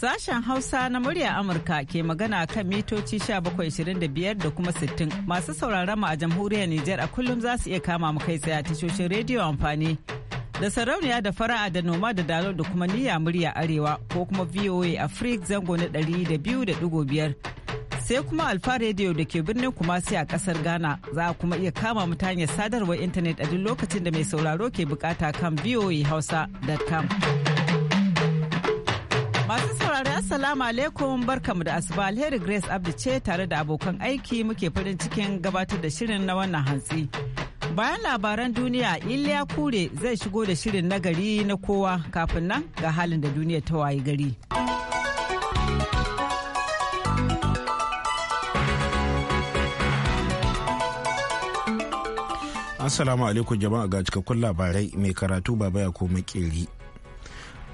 Sashen Hausa na murya Amurka ke magana kan mitoci 1725 da kuma 60 masu sauraron mu a jamhuriyar Nijar a kullum za su iya kama mu kai tsaye a tashoshin rediyo amfani da sarauniya da fara'a da noma da dalo da kuma niyya murya arewa ko kuma VOA Africa zango na biyar sai kuma alfa rediyo da ke birnin kumasi a kasar Ghana za a kuma iya kama mu sadarwar intanet a duk lokacin da mai sauraro ke bukata kan voahausa.com. saurari Assalamu alaikum barkamu da asuba alheri Grace Abdi ce tare da abokan aiki muke farin cikin gabatar da shirin na wannan hantsi. Bayan labaran duniya Iliya Kure zai shigo da shirin na gari na kowa kafin nan ga halin da duniya ta wayi gari. Assalamu alaikum jama'a ga cikakkun labarai mai karatu baba ya koma keri.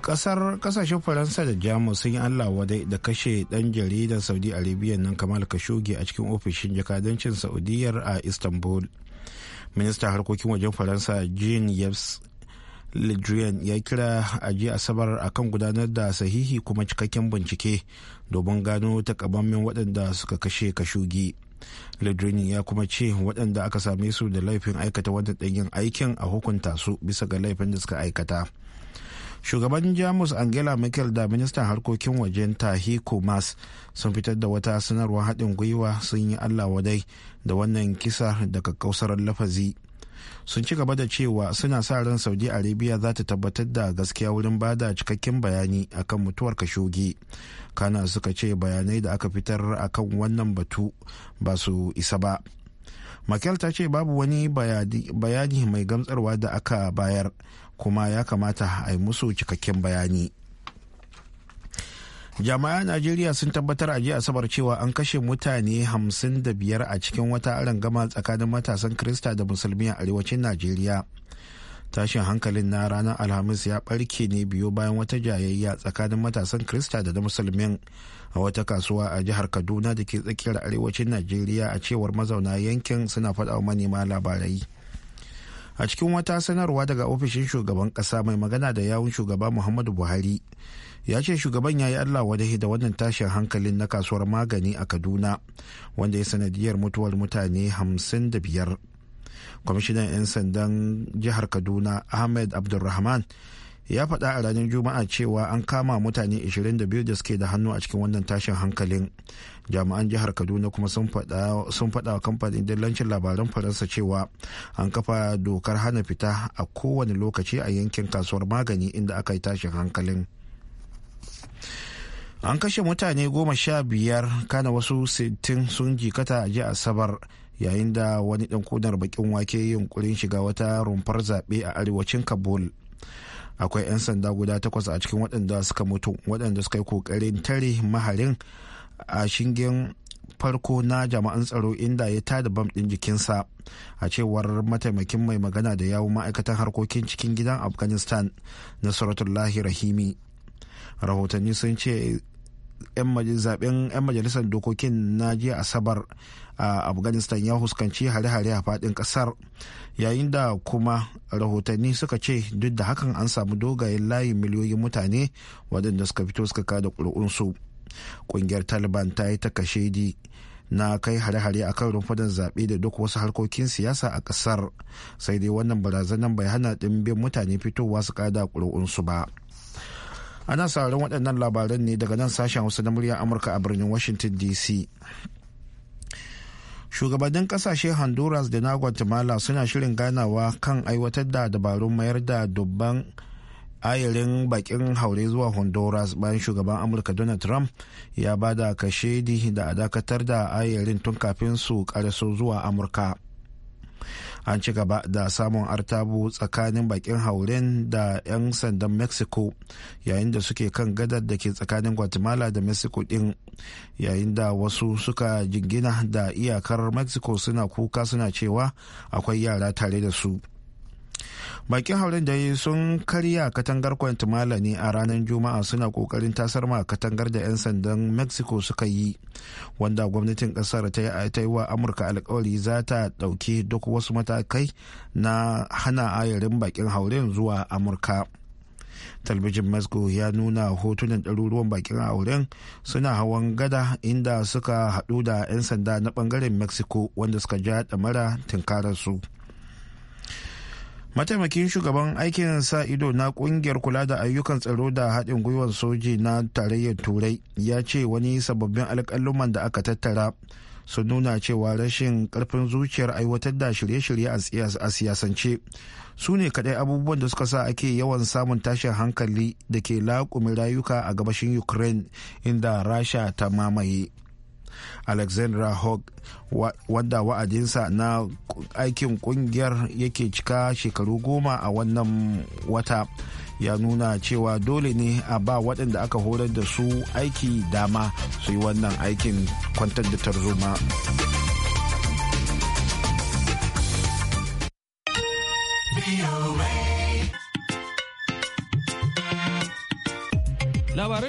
kasar kasashen faransa da jamus sun yi allah wadai da kashe dan jaridar saudi arabia nan kamal kashogi a cikin ofishin jakadancin saudiyar a istanbul minista harkokin wajen faransa jean yves le ya kira a ji asabar a kan gudanar da sahihi kuma cikakken bincike domin gano takamammen waɗanda suka kashe kashogi ledrini ya kuma ce waɗanda aka same su da laifin aikata wannan ɗanyen aikin a hukunta su bisa ga laifin da suka aikata shugaban jamus angela merkel da ministan harkokin wajen tahiko mas sun fitar da wata sanarwar haɗin gwiwa sun yi allah wadai da wannan kisa daga kausar lafazi sun ci gaba da cewa suna sa ran saudi arabia za ta tabbatar da gaskiya wurin bada cikakken bayani akan mutuwar kashogi kana suka ce bayanai da aka fitar akan wannan batu ba su isa ba Makel ta ce babu wani bayani mai gamsarwa da aka bayar kuma ya kamata a yi musu cikakken bayani jami'an najeriya sun tabbatar a jiya asabar cewa an kashe mutane 55 a cikin wata gama tsakanin matasan krista da musulmi a arewacin najeriya tashin hankalin na ranar alhamis ya barke ne biyu bayan wata jayayya tsakanin matasan krista da na musulmin a wata kasuwa a jihar kaduna da ke tsakiyar arewacin najeriya a cewar mazauna yankin suna faɗa manema labarai a cikin wata sanarwa daga ofishin shugaban kasa mai magana da yawun shugaba muhammadu buhari ya ce shugaban ya yi allah wadahi da wannan tashin hankalin na kasuwar magani a kaduna wanda ya sanadiyar mutuwar mutane 55 kwamishinan 'yan sandan jihar kaduna ahmed abdulrahman ya faɗa a ranar juma'a cewa an kama mutane 22 da suke da hannu a cikin wannan tashin hankalin jami'an jihar kaduna kuma sun faɗa wa kamfanin dillancin labaran faransa cewa an kafa dokar hana fita a kowane lokaci a yankin kasuwar magani inda aka yi tashin hankalin an kashe mutane goma sha biyar kana wasu sittin sun jikata a ji asabar yayin da wani dan kunar bakin wake yunkurin shiga wata rumfar zaɓe a arewacin kabul akwai 'yan sanda guda takwas a cikin waɗanda suka mutu waɗanda suka yi kokarin tare maharin a shingen farko na jama'an tsaro inda ya tada bam ɗin jikinsa a cewar mataimakin mai magana da yawun ma'aikatan harkokin cikin gidan afghanistan na nasaratullahi rahimi rahotanni sun ce zaɓen 'yan majalisar dokokin na jiya asabar a afghanistan ya huskanci hare-hare a fadin kasar yayin da kuma rahotanni suka ce duk da hakan an samu dogayen layin miliyoyin mutane waɗanda suka fito suka kada ƙuri'unsu ƙungiyar taliban ta yi takashedi na kai hare-hare a kan rumfunan zaɓe da duk wasu harkokin siyasa a ƙasar sai dai wannan barazanar bai hana ɗimbin mutane fitowa su kada ƙuri'unsu ba ana sauraron waɗannan labaran ne daga nan sashen hausa na muryar amurka a birnin washington dc shugabannin kasashe honduras da na guatemala suna shirin ganawa kan aiwatar da dabarun mayar da dubban ayirin bakin haure zuwa honduras bayan shugaban amurka donald trump ya ba da kashedi da dakatar da ayirin tun kafin su karaso zuwa amurka an ci gaba da samun artabu tsakanin bakin hauren da 'yan sandan mexico yayin da suke kan gadar da ke tsakanin guatemala da mexico din yayin da wasu suka jingina da iyakar mexico suna kuka suna cewa akwai yara tare da su bakin hauren da sun karya katangar kwantumala ne a ranar juma'a suna kokarin tasar ma katangar da 'yan sandan mexico suka yi wanda gwamnatin kasar ta yi wa amurka alkawari za ta ɗauki duk wasu matakai na hana ayarin bakin hauren zuwa amurka talbijin mexico ya nuna hotunan ɗaruruwan bakin auren suna hawan gada inda suka haɗu da 'yan sanda na ɓangaren mexico wanda suka ja ɗamara tunkararsu su mataimakin shugaban aikin sa ido na kungiyar kula da ayyukan tsaro da haɗin gwiwar soji na tarayyar turai ya ce wani sababbin alƙaluman da aka tattara su nuna cewa rashin ƙarfin zuciyar aiwatar da shirye-shirye a siyasance su ne kaɗai abubuwan da suka sa ake yawan samun tashin hankali da ke laƙumin rayuka a gabashin ukraine inda rasha ta mamaye alexandra hogg wadda wa'adinsa na aikin kungiyar yake cika shekaru goma a wannan wata ya nuna cewa dole ne a ba waɗanda aka horar da su aiki dama su yi wannan aikin kwantar da tarzoma.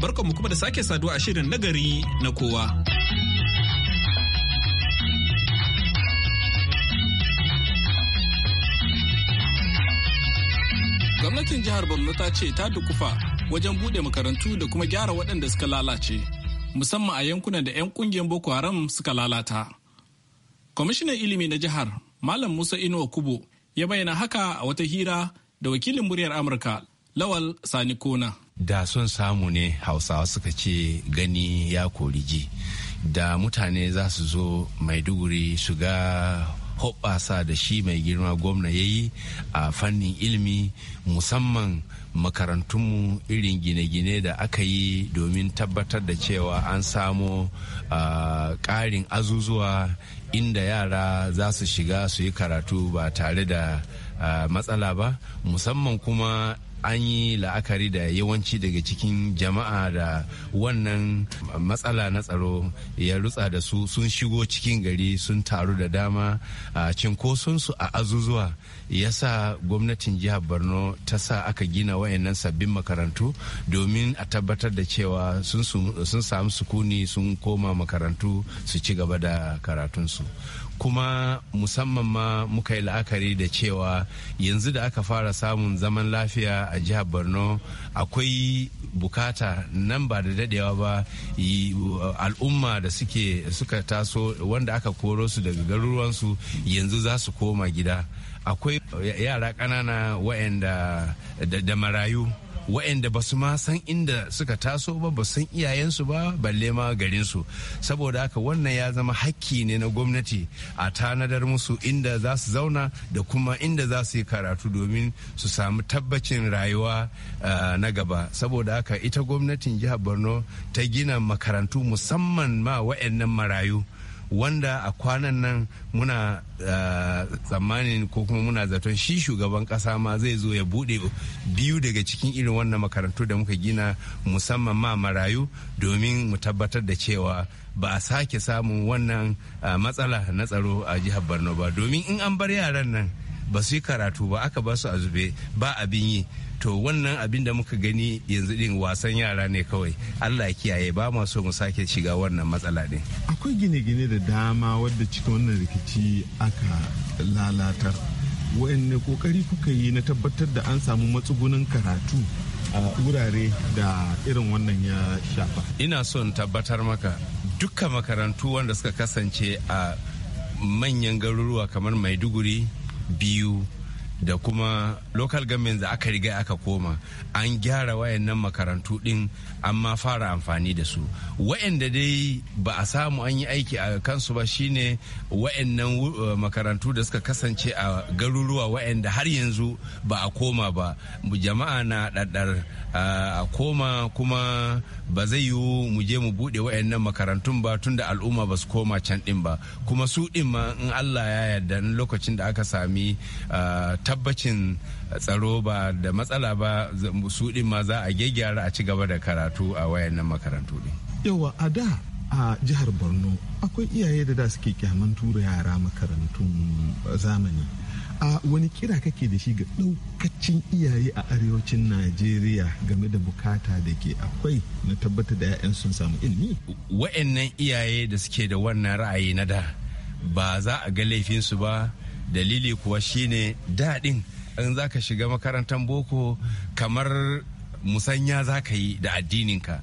barkanmu kuma da sake saduwa a shirin nagari na kowa. Gwamnatin jihar Borno ta ce ta dukufa wajen bude makarantu da kuma gyara waɗanda suka lalace, musamman a yankunan da 'yan ƙungiyar Boko Haram suka lalata. Kwamishinan ilimi na jihar, Malam Musa Inuwa Kubo, ya bayyana haka a wata hira da wakilin muryar Amurka, Lawal Sani Kona. da son samu ne hausawa suka ce gani ya kori ji da mutane za su zo maiduguri su ga hoɓasa da shi mai girma gwamna ya yi a fannin ilimi musamman makarantunmu irin gine-gine da aka yi domin tabbatar da cewa an samo ƙarin azuzuwa inda yara za su shiga su yi karatu ba tare da matsala ba musamman kuma an yi la'akari da yawanci daga cikin jama'a da wannan matsala na tsaro ya rutsa da su sun shigo cikin gari sun taru da dama a su a azuzuwa ya sa gwamnatin jihar borno ta sa aka gina wayannan sabbin makarantu domin a tabbatar da cewa sun samu sukuni sun koma makarantu su ci gaba da karatunsu kuma musamman ma muka yi la'akari da cewa yanzu da aka fara samun zaman lafiya a jihar borno akwai bukata nan ba da dadewa ba al'umma da suke suka taso wanda aka koro su daga garuruwansu yanzu za su koma gida akwai yara ƙanana wa'anda da marayu waɗanda ba su ma san inda suka taso ba ba san iyayensu ba balle ma garinsu saboda haka wannan ya zama hakki ne na gwamnati a tanadar musu inda za su zauna da kuma inda za su yi karatu domin su samu tabbacin rayuwa eh, na gaba saboda haka ita gwamnatin jihar borno ta gina makarantu musamman ma waɗannan marayu wanda a kwanan nan muna uh, tsammanin ko kuma muna zaton shi shugaban kasa ma zai zo ya bude biyu daga cikin irin wannan makarantu da muka gina musamman ma marayu domin mu tabbatar da cewa ba a sake samun wannan uh, matsala na tsaro a jihar borno ba domin in an bar yaran nan ba su yi karatu ba aka ba su a zube ba abin yi to wannan abin da muka gani yanzu din wasan yara ne kawai allah kiyaye ba ma so mu sake shiga wannan matsala ne akwai gine-gine da dama wadda cikin wannan rikici aka lalatar wa'anne kokari kuka yi na tabbatar da an samu matsugunan karatu a wurare da irin wannan ya shafa ina son tabbatar maka duka makarantu wanda suka kasance a manyan garuruwa kamar maiduguri biyu da kuma local government da aka riga aka koma an gyara wayannan makarantu din an ma fara amfani da su wayanda dai ba a samu an yi aiki a kansu ba shine wayannan uh, makarantu da suka kasance a garuruwa wayanda har yanzu ba a koma ba jama'a na ɗaɗɗar a koma kuma ba zai yiwu mu je mu buɗe wayannan makarantun ba tunda al'umma ba su koma can ɗin ba kuma su din ma in allah ya yarda lokacin da aka sami tabbacin tsaro ba da matsala ba su din ma za a gyaggyara a ci gaba da karatu a wayannan makarantu Yau yawa a da a jihar borno akwai iyaye da da suke kyaman yara makarantun zamani a wani kira kake da shi ga ɗaukacin iyaye a arewacin najeriya game da bukata da ke akwai na tabbatar da 'ya'yan sun samu ilimi wa'annan iyaye da suke da wannan ra'ayi na da ba za a ga laifinsu ba dalili kuwa shine daɗin in za ka shiga makarantar boko kamar musanya za ka yi da addininka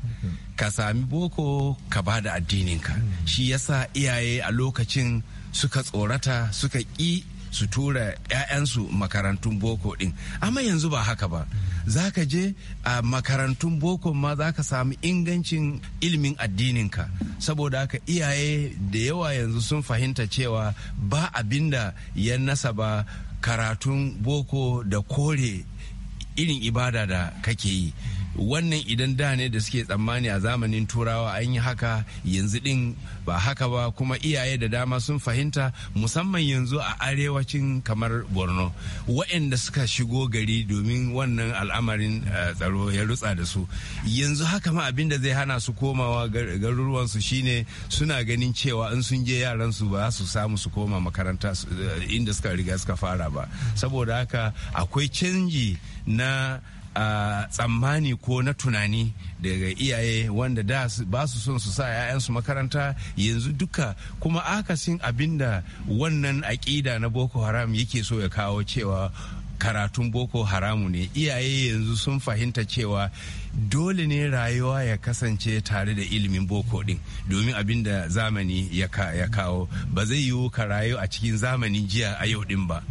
ka sami boko ka ba da addininka shi yasa iyaye a lokacin suka tsorata suka ƙi su tura 'ya'yansu makarantun boko din amma yanzu ba haka ba za ka je a makarantun boko ma za ka samu ingancin ilimin addininka saboda haka iyaye da yawa yanzu sun fahimta cewa ba abinda ya nasa ba karatun boko da kore irin ibada da kake yi wannan idan da ne da suke tsammani a zamanin turawa an yi haka yanzu din ba haka ba kuma iyaye da dama sun fahimta musamman yanzu a arewacin kamar borno waɗanda suka shigo gari domin wannan al'amarin eh, tsaro ya rutsa da su yanzu haka ma abin da zai hana su komawa garuruwansu shine suna ganin cewa in sun je yaran su ba su samu su koma makaranta eh, inda suka riga suka fara ba saboda haka akwai canji na tsammani ko na tunani daga iyaye wanda da ba su son su sa 'ya'yansu makaranta yanzu duka kuma akasin abinda wannan aƙida na boko haram yake so ya kawo cewa karatun boko haramu ne iyaye yanzu sun fahimta cewa dole ne rayuwa ya kasance tare da ilimin boko din domin abin da zamani ya kawo ba zai yiwu ka rayu a cikin zamanin jiya a yau din ba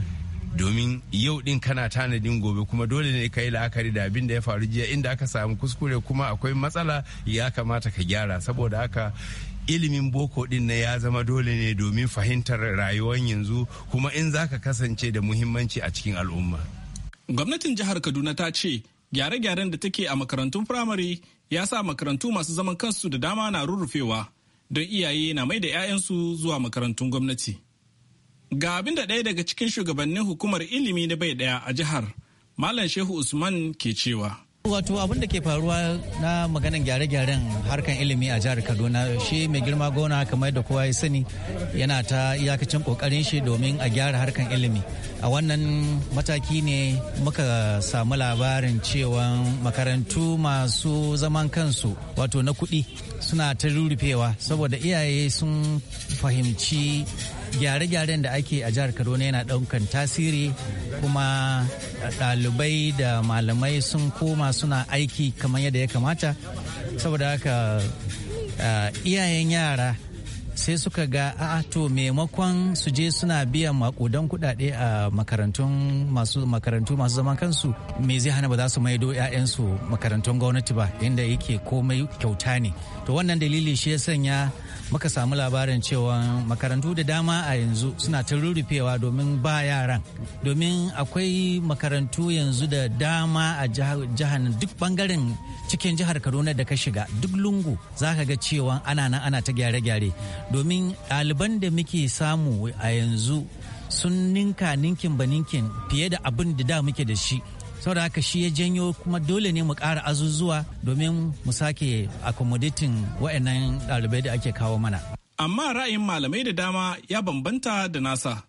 domin yau din kana tanadin gobe kuma dole ne ka yi la'akari da abin da ya faru jiya inda aka samu kuskure kuma akwai matsala ya kamata ka gyara saboda haka ilimin boko din na ya zama dole ne domin fahimtar rayuwar yanzu kuma in za ka kasance da muhimmanci a cikin al'umma. Gwamnatin jihar Kaduna ta ce gyare-gyaren da take a makarantun firamare ya sa makarantu masu zaman kansu da dama na rurrufewa don iyaye na mai da 'ya'yansu zuwa makarantun gwamnati. Ga abin da ɗaya daga cikin shugabannin hukumar ilimi na bai ɗaya a jihar, Malam Shehu Usman ke cewa. Wato abin da ke faruwa na maganin gyare-gyaren harkan ilimi a jihar Kaduna shi mai girma gona kamar da kowa ya sani yana ta iyakacin kokarin shi domin a gyara harkan ilimi. A wannan mataki ne muka samu labarin cewa makarantu masu zaman kansu wato na kuɗi suna ta rurrufewa saboda iyaye sun fahimci gyare-gyaren da ake a jihar kaduna yana daukan tasiri kuma dalibai da malamai sun koma suna aiki kamar yadda ya kamata saboda haka iyayen yara sai suka ga a to maimakon su je suna biyan makudan kudade a makarantun masu makarantu masu zaman kansu me zai hana ba za su maido 'ya'yansu makarantun gwamnati ba inda yake komai kyauta ne to wannan dalili shi ya sanya muka samu labarin cewa makarantu da dama a yanzu suna ta rurrufewa domin ba yaran domin akwai makarantu yanzu da dama a jihar duk bangaren cikin jihar kaduna da ka shiga duk lungu za ka ga cewa ana nan ana ta gyare-gyare domin ɗaliban da muke samu a yanzu sun ninka ninkin ba ninkin fiye da abin da da muke da shi saboda haka shi ya janyo kuma dole ne mu ƙara azuzuwa domin mu sake accommodating wa'annan ɗalibai da ake kawo mana amma ra'ayin malamai da dama ya bambanta da nasa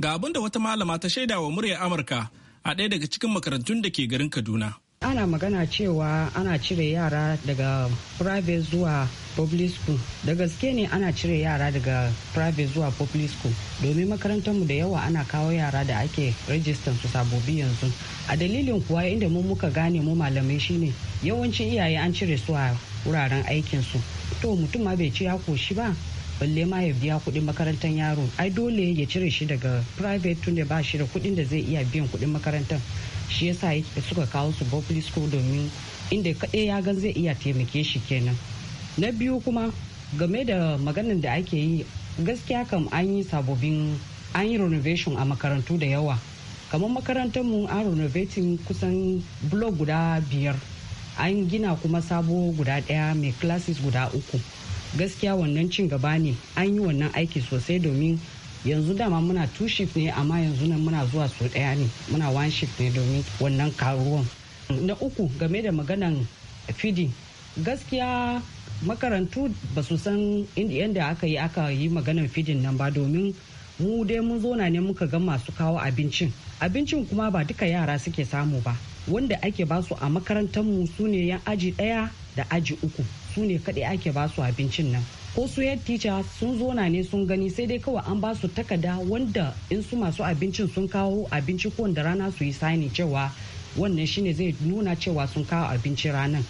ga abin da wata malama ta shaida wa muryar amurka a ɗaya daga cikin makarantun da ke garin kaduna ana magana cewa ana cire yara daga private zuwa public school da gaske ne ana cire yara daga private zuwa public school domin makarantarmu da yawa ana kawo yara da ake rajistan su sabobi yanzu a dalilin kuwa inda mu muka gane mu malamai shine yawancin iyaye an cire su a wuraren aikin su to mutum ma bai ci ya koshi ba balle ma ya biya kuɗin makarantar yaro ai dole ya cire shi daga private tunda ba shi da kuɗin da zai iya biyan kuɗin makarantar shi yasa suka kawo su public school domin inda kaɗai ya ga zai iya taimake shi kenan na biyu kuma game da maganin da ake yi gaskiya kam an yi sabobin an yi renovation a makarantu da yawa kamar makarantar mu an renovating kusan blog guda biyar an gina kuma sabo guda ɗaya mai classes guda uku gaskiya wannan cin gaba ne an yi wannan aiki sosai domin yanzu dama muna two shift ne amma yanzu nan muna zuwa su daya ne muna one shift ne domin wannan karuwan na uku game da maganan fidi gaskiya makarantu ba su san yadda aka yi aka yi maganan fidin nan ba domin mu dai mun zo na ne muka ga masu kawo abincin abincin kuma ba duka yara suke samu ba wanda ake ba su a makarantar mu su ne yan aji daya da aji uku su ne kaɗai ake su abincin nan ko su teacher sun zo na ne sun gani sai dai kawai an ba su takada wanda in su masu abincin sun kawo abinci ko da rana su yi sani cewa wannan shine zai nuna cewa sun kawo abinci ranar.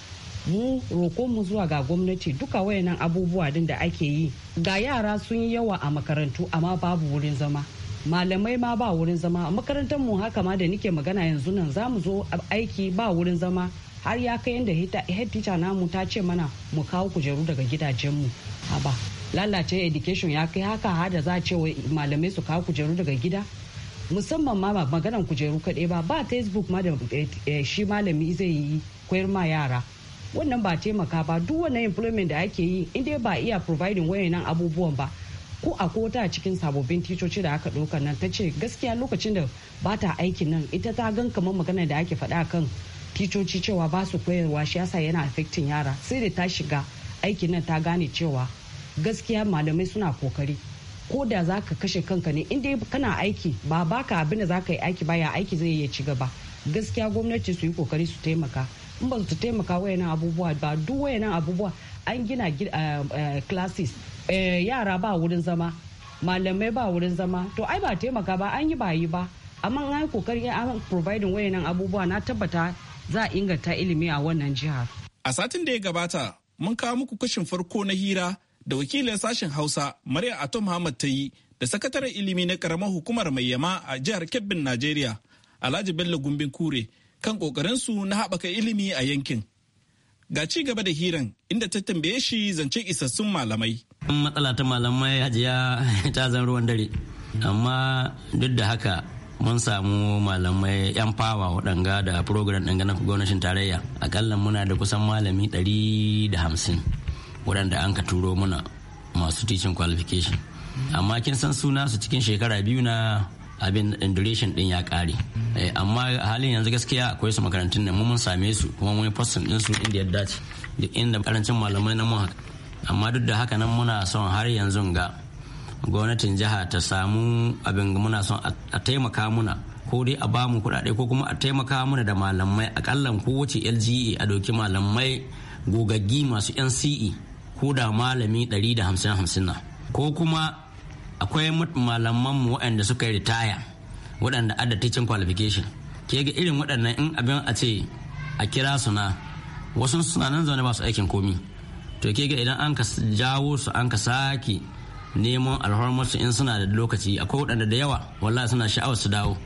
mu roko mu zuwa ga gwamnati duka wayannan abubuwa din da ake yi ga yara sun yi yawa a makarantu amma babu wurin zama malamai ma ba wurin zama a makarantar mu haka ma da nike magana yanzu nan za mu zo aiki ba wurin zama har ya kai yadda head teacher namu ta ce mana mu kawo kujeru daga gidajenmu haba lalace education ya kai haka har da za a ce wa malamai su kawo kujeru daga gida musamman ma maganan kujeru kaɗai ba ba facebook ma da eh, eh, shi malami zai yi koyar ma yara wannan ba taimaka ba duk wannan employment da ake yi inda dai ba iya providing wayannan abubuwan ba ko a kota cikin sababbin ticoci da aka ɗauka nan ta ce gaskiya lokacin da ba ta aikin nan ita ta gan kamar magana da ake faɗa kan ticoci cewa ba su koyarwa shi yasa yana affecting yara sai da ta shiga aikin nan ta gane cewa gaskiya malamai suna kokari ko da za ka kashe kanka ne inda kana aiki ba baka abin da za ka yi aiki ba ya aiki zai iya ci gaba gaskiya gwamnati su yi kokari su taimaka in ba su taimaka wayannan abubuwa ba duk wayannan abubuwa an gina eh, eh, classes eh, yara ba wurin zama malamai ba wurin zama to ai ba taimaka ba an yi ba yi ba amma an yi kokari an providing wayannan abubuwa na tabbata za a inganta ilimi a wannan jihar. A satin da ya gabata mun kawo muku kashin farko na hira da wakilin sashen Hausa Maryam Atom Muhammad ta yi da sakataren ilimi na karamar hukumar mai yama a jihar Kebbin Najeriya Alhaji Bello Gumbin Kure kan ƙoƙarinsu na haɓaka ilimi a yankin. Ga ci gaba da hiran inda ta tambaye shi zance isassun malamai. Matsala ta malamai hajiya ta zan ruwan dare. Amma duk da haka mun samu malamai yan fawa waɗanga da program ɗin na gwamnatin tarayya akalla muna da kusan malami 150 waɗanda an ka turo muna masu teaching qualification amma kin san suna su cikin shekara biyu na abin duration din ya kare eh, amma halin yanzu gaskiya akwai su makarantun nan mun same su kuma mun fasin din su inda ya dace duk inda karancin malamai na haka. amma duk da haka nan muna son har yanzu ga gwamnatin jiha ta samu abin muna son a taimaka muna ko dai a ba mu kuɗaɗe ko kuma a taimaka muna da malamai akalla kowace lge a doki malamai gogaggi masu nce ko da malami 150 na ko kuma akwai malamanmu waɗanda suka yi ritaya waɗanda adda teaching qualification ke ga irin waɗannan in abin a ce a kira su na wasu suna nan zaune ba su aikin komi to ke ga idan an ka jawo su an ka sake neman alhormarsu in suna da lokaci akwai waɗanda da yawa wallahi suna sha'awar su dawo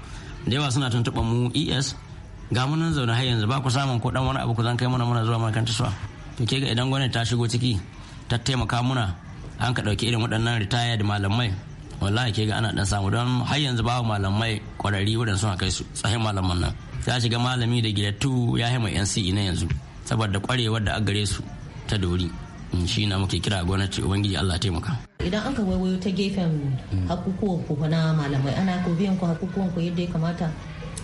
da yawa suna tuntuɓa mu es ga munan zaune har yanzu ba ku samun ko dan wani abu ku zan kai mana muna zuwa makarantar suwa to ke ga idan gwamnati ta shigo ciki ta taimaka muna an ka ɗauki irin waɗannan ritaya da malamai wallahi ke ga ana dan samu don har yanzu ba malamai kwararri waɗanda suna kai su tsahin malaman nan ya shiga malami da gidatu ya haima yan e na yanzu saboda kwarewar da a gare su ta dori Mm, shi na muke kira gwamnati ubangiji Allah taimaka idan an ka waiwayo ta gefen mm. hakukuwan ku na malamai ana ko biyan ku hakukuwan ku yadda ya kamata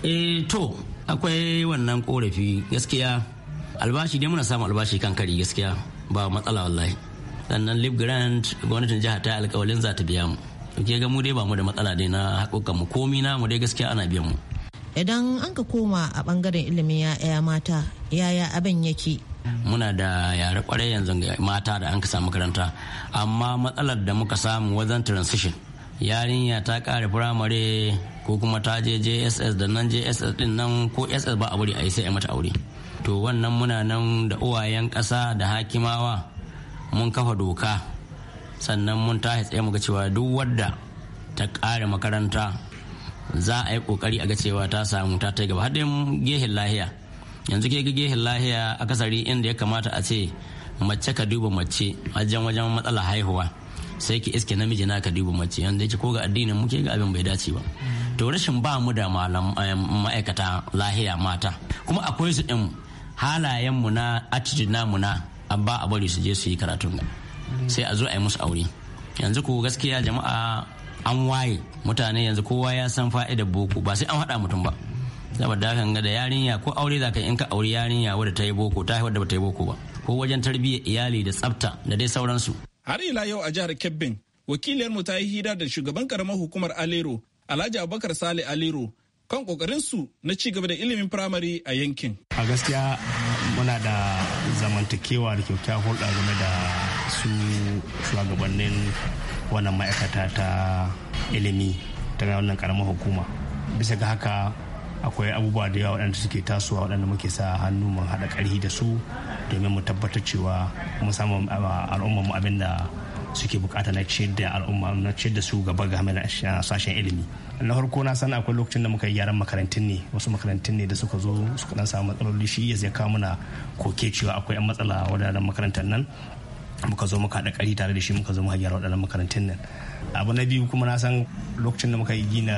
eh to akwai wannan korafi gaskiya albashi dai muna samun albashi kan kari gaskiya ba matsala wallahi sannan lib grant gwamnatin jihar ta alkawalin za ta biya mu ke ga mu dai ba mu da matsala dai na hakukan mu komi na mu dai gaskiya ana biyan mu idan an ka koma a bangaren ilimin ya'ya mata yaya abin yake muna da yare kware yanzu mata da an kasa makaranta amma matsalar da muka samu wajen transition yarinya ta kare firamare ko kuma ta je jss da nan jss din nan ko ss ba a bari a yi sai mata aure to wannan muna nan da uwayen kasa da hakimawa mun kafa doka sannan mun tashi tsaye muga cewa duk wadda ta kare makaranta za a yi ƙoƙari a ga cewa ta samu ta ta gaba haɗin gehen lahiya yanzu ke gehen lahiya a kasari inda ya kamata a ce mace ka duba mace wajen wajen matsala haihuwa sai ki iske namiji na ka duba mace yanzu yake ko ga addinin mu ke ga abin bai dace ba to rashin ba mu da malam eh, ma'aikata lahiya mata kuma akwai su din halayen mu na attitude namu na ba a bari su je su yi karatun sai a zo a yi musu aure yanzu ko gaskiya jama'a an waye mutane yanzu kowa ya san fa'idar boko ba sai an hada mutum ba saboda kan ga da yarinya ko aure zaka in ka aure yarinya wadda ta yi boko ta wadda bata yi boko ba ko wajen tarbiyyar iyali da tsafta da dai sauransu har ila yau a jihar kebbin wakiliyar mu ta yi hira da shugaban karamar hukumar alero alhaji abubakar sale alero kan kokarin su na ci gaba da ilimin firamare a yankin a gaskiya muna da zamantakewa da kyakkyawar hulɗa game da su shugabannin wannan ma'aikata ta ilimi ta wannan karamar hukuma bisa ga haka akwai abubuwa da yawa waɗanda suke tasowa waɗanda muke sa hannu mun haɗa ƙarfi da su domin mu tabbatar cewa mu samu uh, al'ummar mu abin da suke bukata na ciyar da al'umma na ciyar da su gaba ga da uh, sashen ilimi na farko na san akwai lokacin da muka yi yaran makarantun ne wasu makarantun ne da suka zo suka dan samu matsaloli shi ya zai kawo mana koke cewa akwai yan matsala wadannan makarantar nan muka zo muka haɗa ƙari tare da shi muka zo muka gyara waɗannan makarantun nan abu na biyu kuma na san lokacin da muka yi gina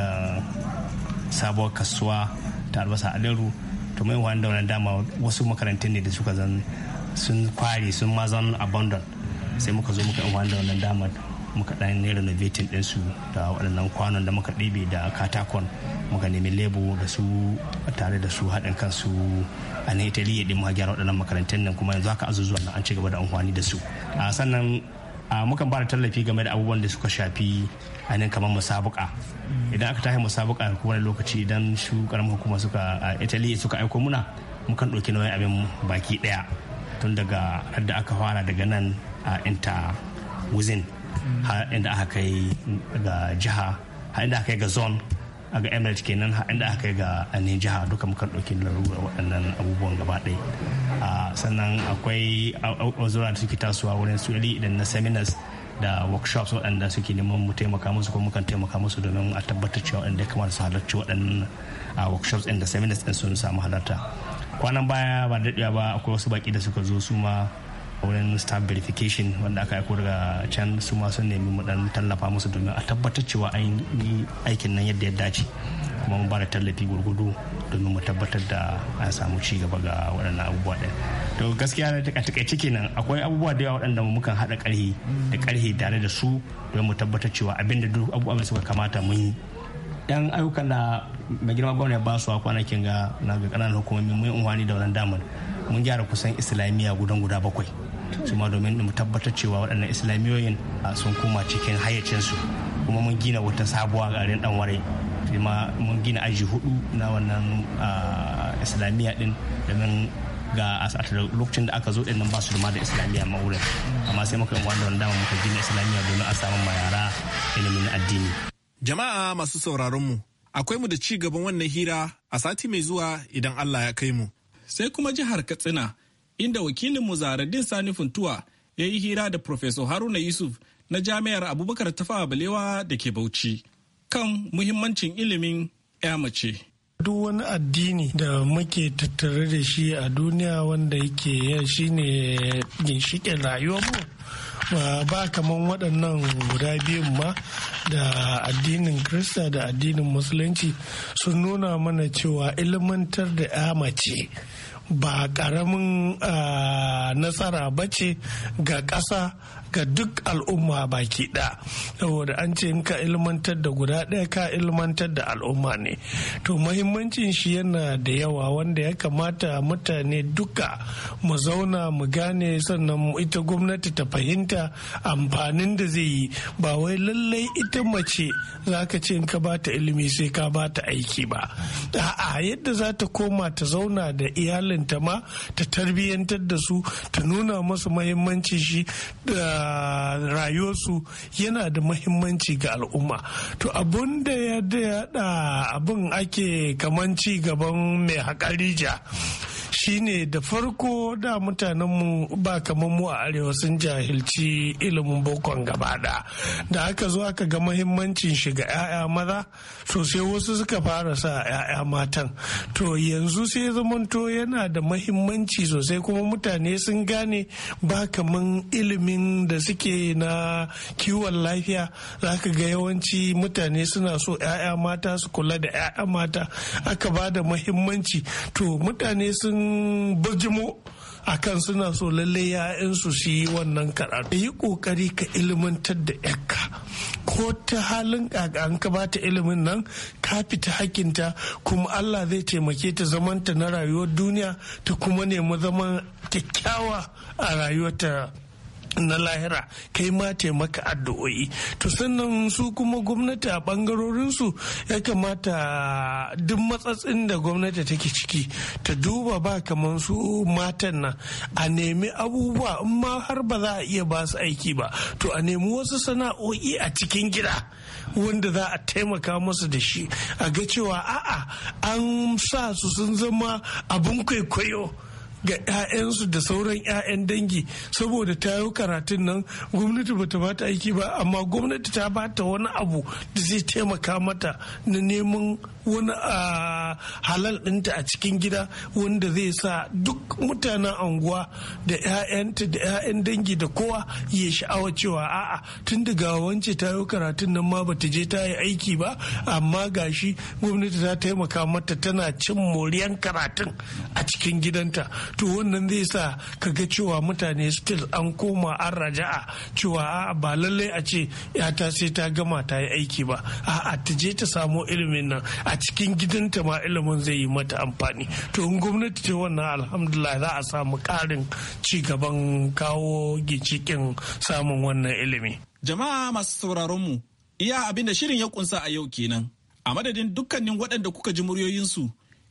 sabuwar kasuwa ta albasa a aleru to mai wani da dama wasu makarantun ne da suka zan sun kware sun ma zan abandon sai muka zo muka yi wani da muka dan yi renovating ɗinsu da waɗannan kwanon da muka ɗebe da katakon muka nemi lebo da su tare da su haɗin kansu a na italiya ɗin ma gyara waɗannan makarantun nan kuma yanzu haka azuzuwan an ci gaba da amfani da su a sannan Ah, mukan ba da tallafi game da abubuwan da suka shafi a ainihin kamar musabuka idan aka tashi musabuka ko wani lokaci idan su karamin hukuma suka italy suka aiko muna mukan ɗauki nauyin abin baki ɗaya tun daga da aka fara daga nan a inta wuzin har inda aka kai ga jiha har inda aka kai ga zone a ga emirates kenan inda aka yi ga ne jiha duka muka ɗauki larura waɗannan abubuwan gaba ɗaya sannan akwai uzura da suke tasowa wurin su e idan na seminars da workshops waɗanda suke neman mu taimaka musu kuma mukan taimaka musu domin a tabbatar cewa inda ya su halarci waɗannan workshops ɗin da seminars ɗin sun samu halarta kwanan baya ba daɗewa ba akwai wasu baƙi da suka zo su ma wurin staff verification wanda aka aiko daga can su masu nemi mu dan tallafa musu domin a tabbatar cewa an yi aikin nan yadda ya dace kuma mun bada tallafi gurgudu domin mu tabbatar da an samu ci gaba ga waɗannan abubuwa ɗin to gaskiya na ciki nan akwai abubuwa da yawa waɗanda kan haɗa ƙarhi da ƙarhi tare da su domin mu tabbatar cewa abinda duk abubuwan suka kamata mun yi yan ayyukan da mai girma gwamnati ya ba su a kwanakin ga na ga ƙananan hukumomi mun yi unhwani da wannan damar mun gyara kusan islamiyya gudan guda bakwai su ma domin mu tabbatar cewa waɗannan islamiyoyin sun koma cikin hayyacinsu kuma mun gina wata sabuwa garin dan ware kuma mun gina aji hudu na wannan islamiyya din domin ga lokacin da aka zo din nan ba su da islamiyya ma wurin amma sai muka yi wanda wanda muka gina islamiyya domin a samu ma yara ilimin addini jama'a masu sauraron mu akwai mu da ci gaban wannan hira a sati mai zuwa idan Allah ya kai mu sai kuma jihar Katsina inda wakilin zaradin sani funtuwa ya yi hira da Profesor Haruna Yusuf na Jami'ar Abubakar tafa Balewa da ke Bauchi kan muhimmancin ilimin 'ya mace. duk wani addini da muke tattare da shi a duniya wanda yake shine ginshiƙin rayuwarmu ba kaman waɗannan guda biyun ma da addinin krista da addinin musulunci sun nuna mana cewa ilimantar da ya mace ba karamin ah, nasara ba ce ga ƙasa ga duk al'umma baki ɗaya saboda an ce in ka ilmantar da guda ɗaya ka ilmantar da al'umma ne to mahimmancin shi yana da yawa wanda ya kamata mutane duka mu zauna mu gane sannan ita gwamnati ta fahimta amfanin da zai yi ba wai lallai ita mace za ka ce in ka ba ta ilimi sai ka ba ta aiki ba a'a yadda za ta koma ta zauna da iyalin kanta ma ta tarbiyyantar da su ta nuna masu mahimmanci shi da rayuwarsu yana da mahimmanci ga al'umma to abun da ya da abin ake kaman ci gaban mai haƙarija shine da farko da mutanenmu ba kamar mu a arewa sun jahilci ilimin bokon gaba da da aka zo aka ga mahimmancin shiga 'ya'ya maza sosai wasu suka fara sa 'ya'ya matan to yanzu sai zamanto yana da mahimmanci sosai kuma mutane sun gane ba kamar ilimin da suke na kiwon lafiya za ka ga yawanci mutane suna so 'ya'ya mata su kula da 'ya'ya mata aka ba da mahimmanci to mutane sun bijimo a kan suna so lalle ya'yansu su shi wannan karatu yi kokari ka ilimantar da yakka ko ta halin an ka ba ta ilimin nan ka fita hakinta kuma allah zai taimake ta zamanta na rayuwar duniya ta kuma nemi zaman kyakkyawa a rayuwarta na lahira kai ma taimaka addu'o'i to sannan su kuma gwamnati a bangarorinsu ya kamata duk matsatsin da gwamnati take ciki ta duba ba kamar su matan nan a nemi abubuwa in ma har ba za a iya ba su aiki ba to a nemi wasu sana'o'i a cikin gida wanda za a taimaka masu da shi a ga cewa a'a an sa su sun zama abin kwaikwayo ga 'ya'yansu da sauran 'ya'yan dangi saboda ta yi karatun nan gwamnati bata ba ta aiki ba amma gwamnati ta ba ta wani abu da zai taimaka mata na neman wani halal ɗinta a cikin gida wanda zai sa duk mutanen anguwa da 'ya'yanta da 'ya'yan dangi da kowa ya sha'awa cewa a'a tun daga wance ta yi karatun nan ma bata je ta yi aiki ba amma gashi gwamnati ta taimaka mata tana cin moriyan karatun a cikin gidanta to wannan zai sa ka ga cewa mutane still an koma an raja'a cewa a ba lallai a ce yata sai ta gama ta yi aiki ba a ta je ta samo ilimin nan a cikin gidanta ma ilimin zai yi mata amfani to in gwamnati ce wannan alhamdulillah za a samu karin ci gaban kawo gicikin samun wannan ilimi jama'a masu sauraron mu iya abin da shirin ya kunsa a yau kenan a madadin dukkanin waɗanda kuka ji muryoyinsu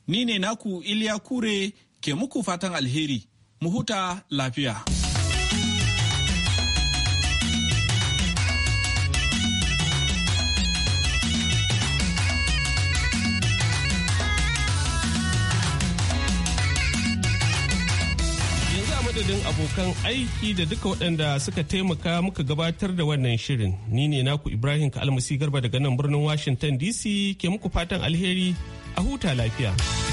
ni ne naku iliya kure ke muku fatan alheri mu huta lafiya. madadin abokan aiki da duka waɗanda suka taimaka muka gabatar da wannan shirin ni ne naku ibrahim kalmasi garba daga nan birnin washington dc ke muku fatan alheri a huta lafiya.